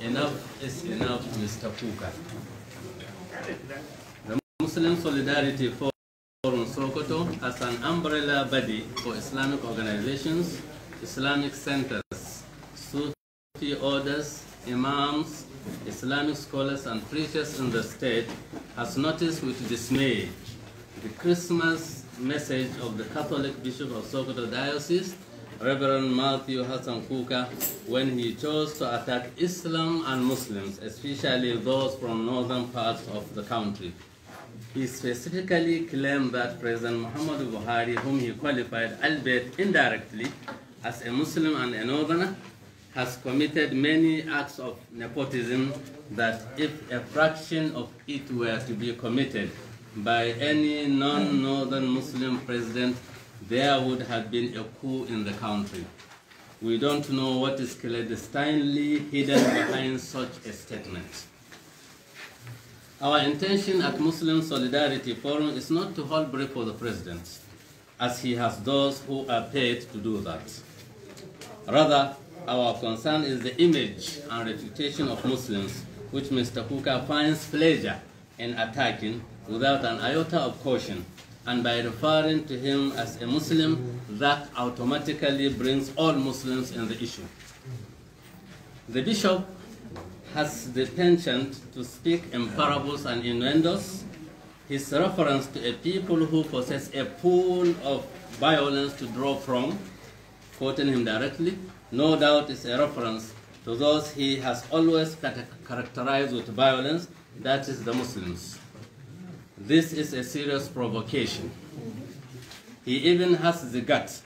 Enough is enough, Mr. Puka. The Muslim Solidarity Forum Sokoto as an umbrella body for Islamic organizations, Islamic centers, Sufi orders, imams, Islamic scholars and preachers in the state has noticed with dismay the Christmas message of the Catholic Bishop of Sokoto Diocese Reverend Matthew Hassan Kuka when he chose to attack Islam and Muslims, especially those from northern parts of the country. He specifically claimed that President Muhammad Buhari, whom he qualified, albeit indirectly, as a Muslim and a northerner, has committed many acts of nepotism that if a fraction of it were to be committed by any non-northern Muslim president, there would have been a coup in the country. We don't know what is clandestinely hidden behind such a statement. Our intention at Muslim Solidarity Forum is not to hold breath for the president, as he has those who are paid to do that. Rather, our concern is the image and reputation of Muslims, which Mr. Hooker finds pleasure in attacking without an iota of caution and by referring to him as a Muslim, that automatically brings all Muslims in the issue. The bishop has the penchant to speak in parables and innuendos. His reference to a people who possess a pool of violence to draw from, quoting him directly, no doubt is a reference to those he has always characterized with violence, that is the Muslims. This is a serious provocation. He even has the guts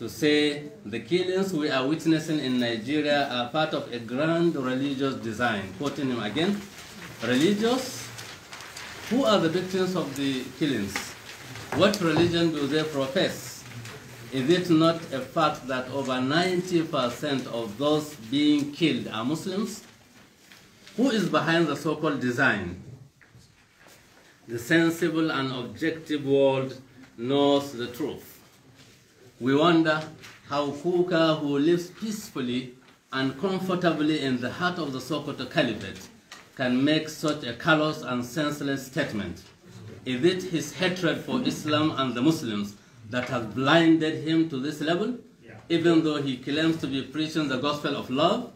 to say the killings we are witnessing in Nigeria are part of a grand religious design. Quoting him again, religious? Who are the victims of the killings? What religion do they profess? Is it not a fact that over 90% of those being killed are Muslims? Who is behind the so-called design? the sensible and objective world knows the truth. We wonder how Kuka, who lives peacefully and comfortably in the heart of the Sokoto Caliphate, can make such a callous and senseless statement. Is it his hatred for Islam and the Muslims that has blinded him to this level, yeah. even though he claims to be preaching the gospel of love?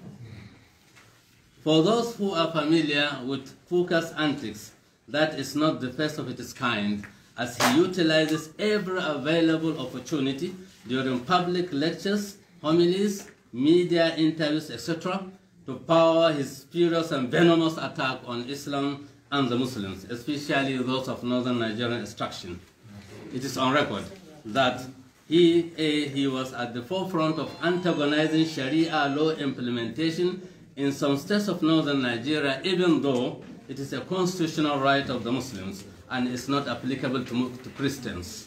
For those who are familiar with Kuka's antics, that is not the first of its kind, as he utilizes every available opportunity during public lectures, homilies, media interviews, etc., to power his furious and venomous attack on Islam and the Muslims, especially those of northern Nigerian extraction. It is on record that he, A, eh, he was at the forefront of antagonizing Sharia law implementation in some states of northern Nigeria, even though it is a constitutional right of the Muslims and is not applicable to, to Christians.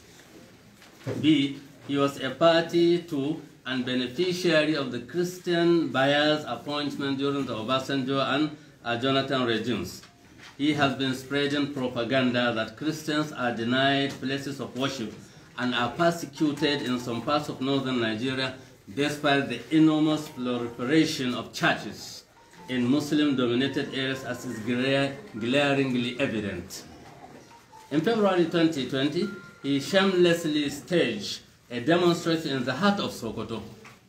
B. He was a party to and beneficiary of the Christian bias appointment during the Obasanjo and uh, Jonathan regimes. He has been spreading propaganda that Christians are denied places of worship and are persecuted in some parts of northern Nigeria despite the enormous proliferation of churches in Muslim-dominated areas as is glaringly evident. In February 2020, he shamelessly staged a demonstration in the heart of Sokoto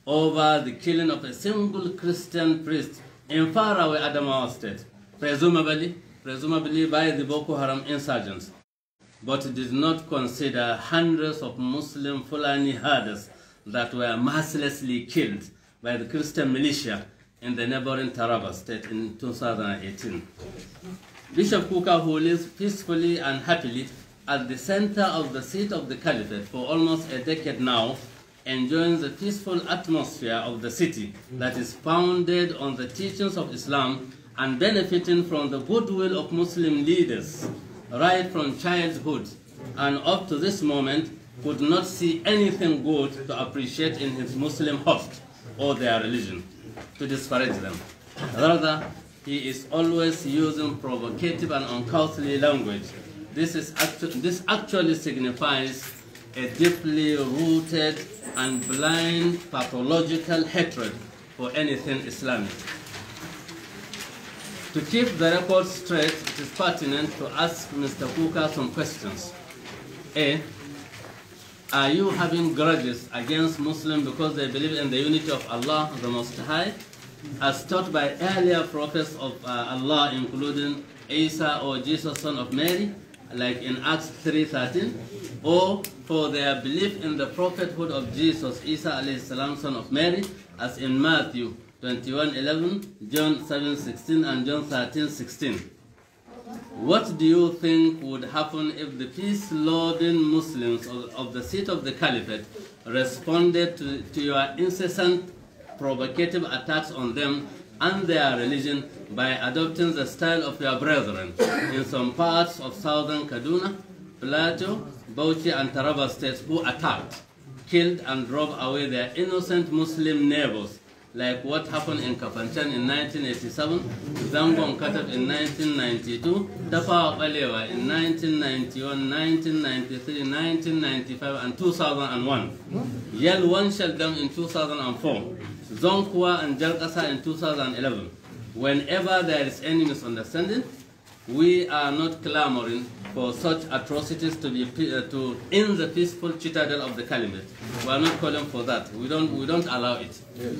over the killing of a single Christian priest in faraway Adamawa state, presumably, presumably by the Boko Haram insurgents, but did not consider hundreds of Muslim Fulani herders that were mercilessly killed by the Christian militia in the neighboring Taraba state in 2018. Bishop Kuka, who lives peacefully and happily at the center of the seat of the caliphate for almost a decade now, enjoys the peaceful atmosphere of the city that is founded on the teachings of Islam and benefiting from the goodwill of Muslim leaders right from childhood and up to this moment could not see anything good to appreciate in his Muslim host or their religion to discourage them. Rather, he is always using provocative and uncouthly language. This, is actu this actually signifies a deeply rooted and blind pathological hatred for anything Islamic. To keep the record straight, it is pertinent to ask Mr. Kuka some questions. A. Are you having grudges against Muslims because they believe in the unity of Allah, the Most High, as taught by earlier prophets of uh, Allah, including Isa or Jesus, son of Mary, like in Acts 3.13, or for their belief in the prophethood of Jesus, Isa, salam, son of Mary, as in Matthew 21.11, John 7.16, and John 13.16? What do you think would happen if the peace-loving Muslims of, of, the seat of the caliphate responded to, to your incessant provocative attacks on them and their religion by adopting the style of your brethren in some parts of southern Kaduna, Plateau, Bauchi and Taraba states who attacked, killed and drove away their innocent Muslim neighbors like what happened in Kafanchan in 1987, Zangon Katab in 1992, Tafawa Balewa in 1991, 1993, 1995, and 2001. Yel One Sheldon in 2004, Zonkwa and Jalkasa in 2011. Whenever there is any misunderstanding, we are not clamoring for such atrocities to be uh, to in the peaceful citadel of the Calumet. We are not calling for that. We don't we don't allow it. Yes.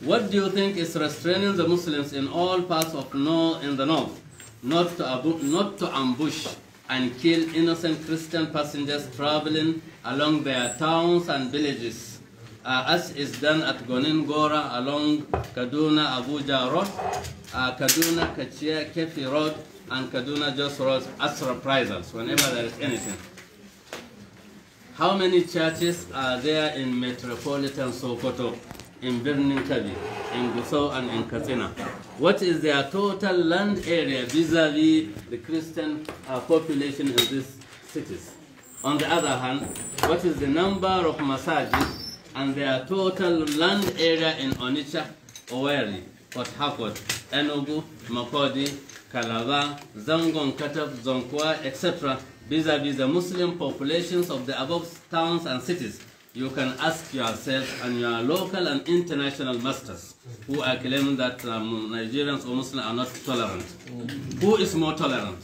What do you think is restraining the Muslims in all parts of North in the north not to, not to ambush and kill innocent Christian passengers traveling along their towns and villages, uh, as is done at Goningora along Kaduna Abuja Road, uh, Kaduna Kachia Kefi Road, and Kaduna Jos Road as reprisals whenever there is anything. How many churches are there in metropolitan Sokoto? in Birnin Kabi, in Gusau and in Katsina. What is their total land area vis-a-vis -vis the Christian uh, population in these cities? On the other hand, what is the number of masajid and their total land area in Onitsha, Oweri, Port Harcourt, Enugu, Makodi, Calabar, Zangon, Katab, Zonkwa, etc. vis-a-vis the Muslim populations of the above towns and cities you can ask yourself and your local and international masters who are claiming that um, Nigerians or Muslims are not tolerant. Who is more tolerant?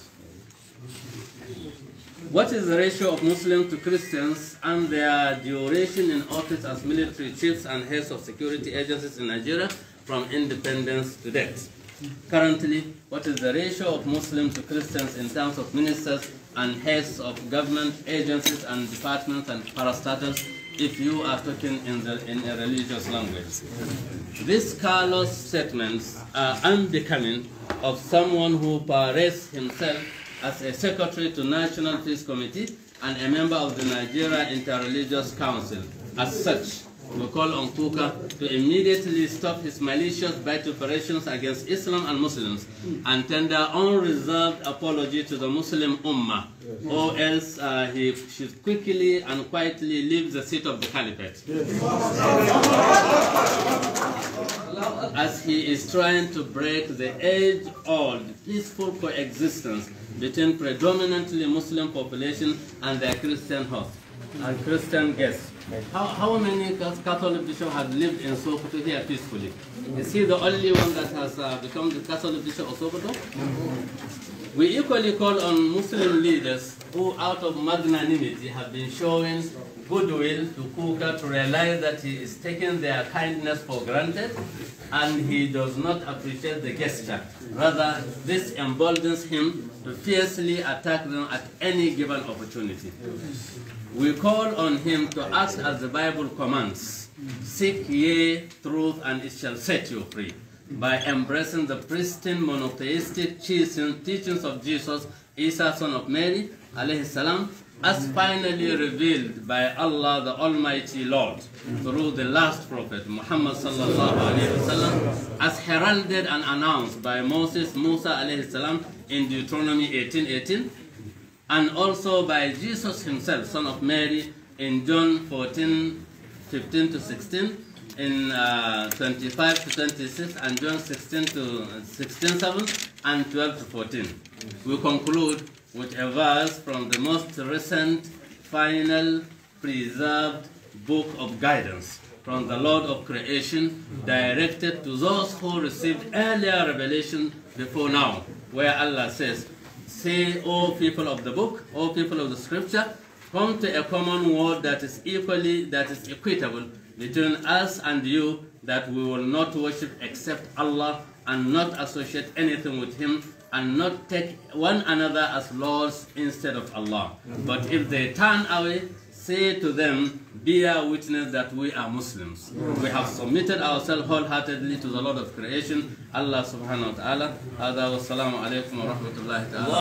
What is the ratio of Muslims to Christians and their duration in office as military chiefs and heads of security agencies in Nigeria from independence to date? Currently, what is the ratio of Muslims to Christians in terms of ministers and heads of government agencies and departments and parastatals if you are talking in, the, in a religious language. These callous statements are unbecoming of someone who parades himself as a secretary to National Peace Committee and a member of the Nigeria Interreligious Council. As such, we call on Kuka to immediately stop his malicious vituperations against Islam and Muslims and tender unreserved apology to the Muslim Ummah, or else uh, he should quickly and quietly leave the seat of the Caliphate. As he is trying to break the age-old peaceful coexistence between predominantly Muslim population and their Christian host and Christian guests. How, how many Catholic bishops have lived in Sokoto here peacefully? Is he the only one that has uh, become the Catholic bishop of Sokoto? Mm-hmm. We equally call on Muslim leaders who, out of magnanimity, have been showing goodwill to Kuka to realize that he is taking their kindness for granted and he does not appreciate the gesture. Rather, this emboldens him to fiercely attack them at any given opportunity. We call on him to act as the Bible commands. Seek ye truth and it shall set you free. By embracing the pristine monotheistic teachings of Jesus, Isa son of Mary, salam, as finally revealed by Allah the Almighty Lord through the last prophet Muhammad sallallahu as heralded and announced by Moses Musa alayhi salam in Deuteronomy 18:18 and also by Jesus himself, son of Mary, in John 14, 15 to 16, in uh, 25 to 26, and John 16 to 16, 7, and 12 to 14. We conclude with a verse from the most recent, final, preserved book of guidance from the Lord of creation, directed to those who received earlier revelation before now, where Allah says, Say, O people of the book, O people of the scripture, come to a common word that is equally, that is equitable between us and you, that we will not worship except Allah and not associate anything with him and not take one another as lords instead of Allah. But if they turn away, say to them, bear witness that we are Muslims. We have submitted ourselves wholeheartedly to the Lord of creation, Allah subhanahu wa ta'ala. wa wa rahmatullahi ta'ala.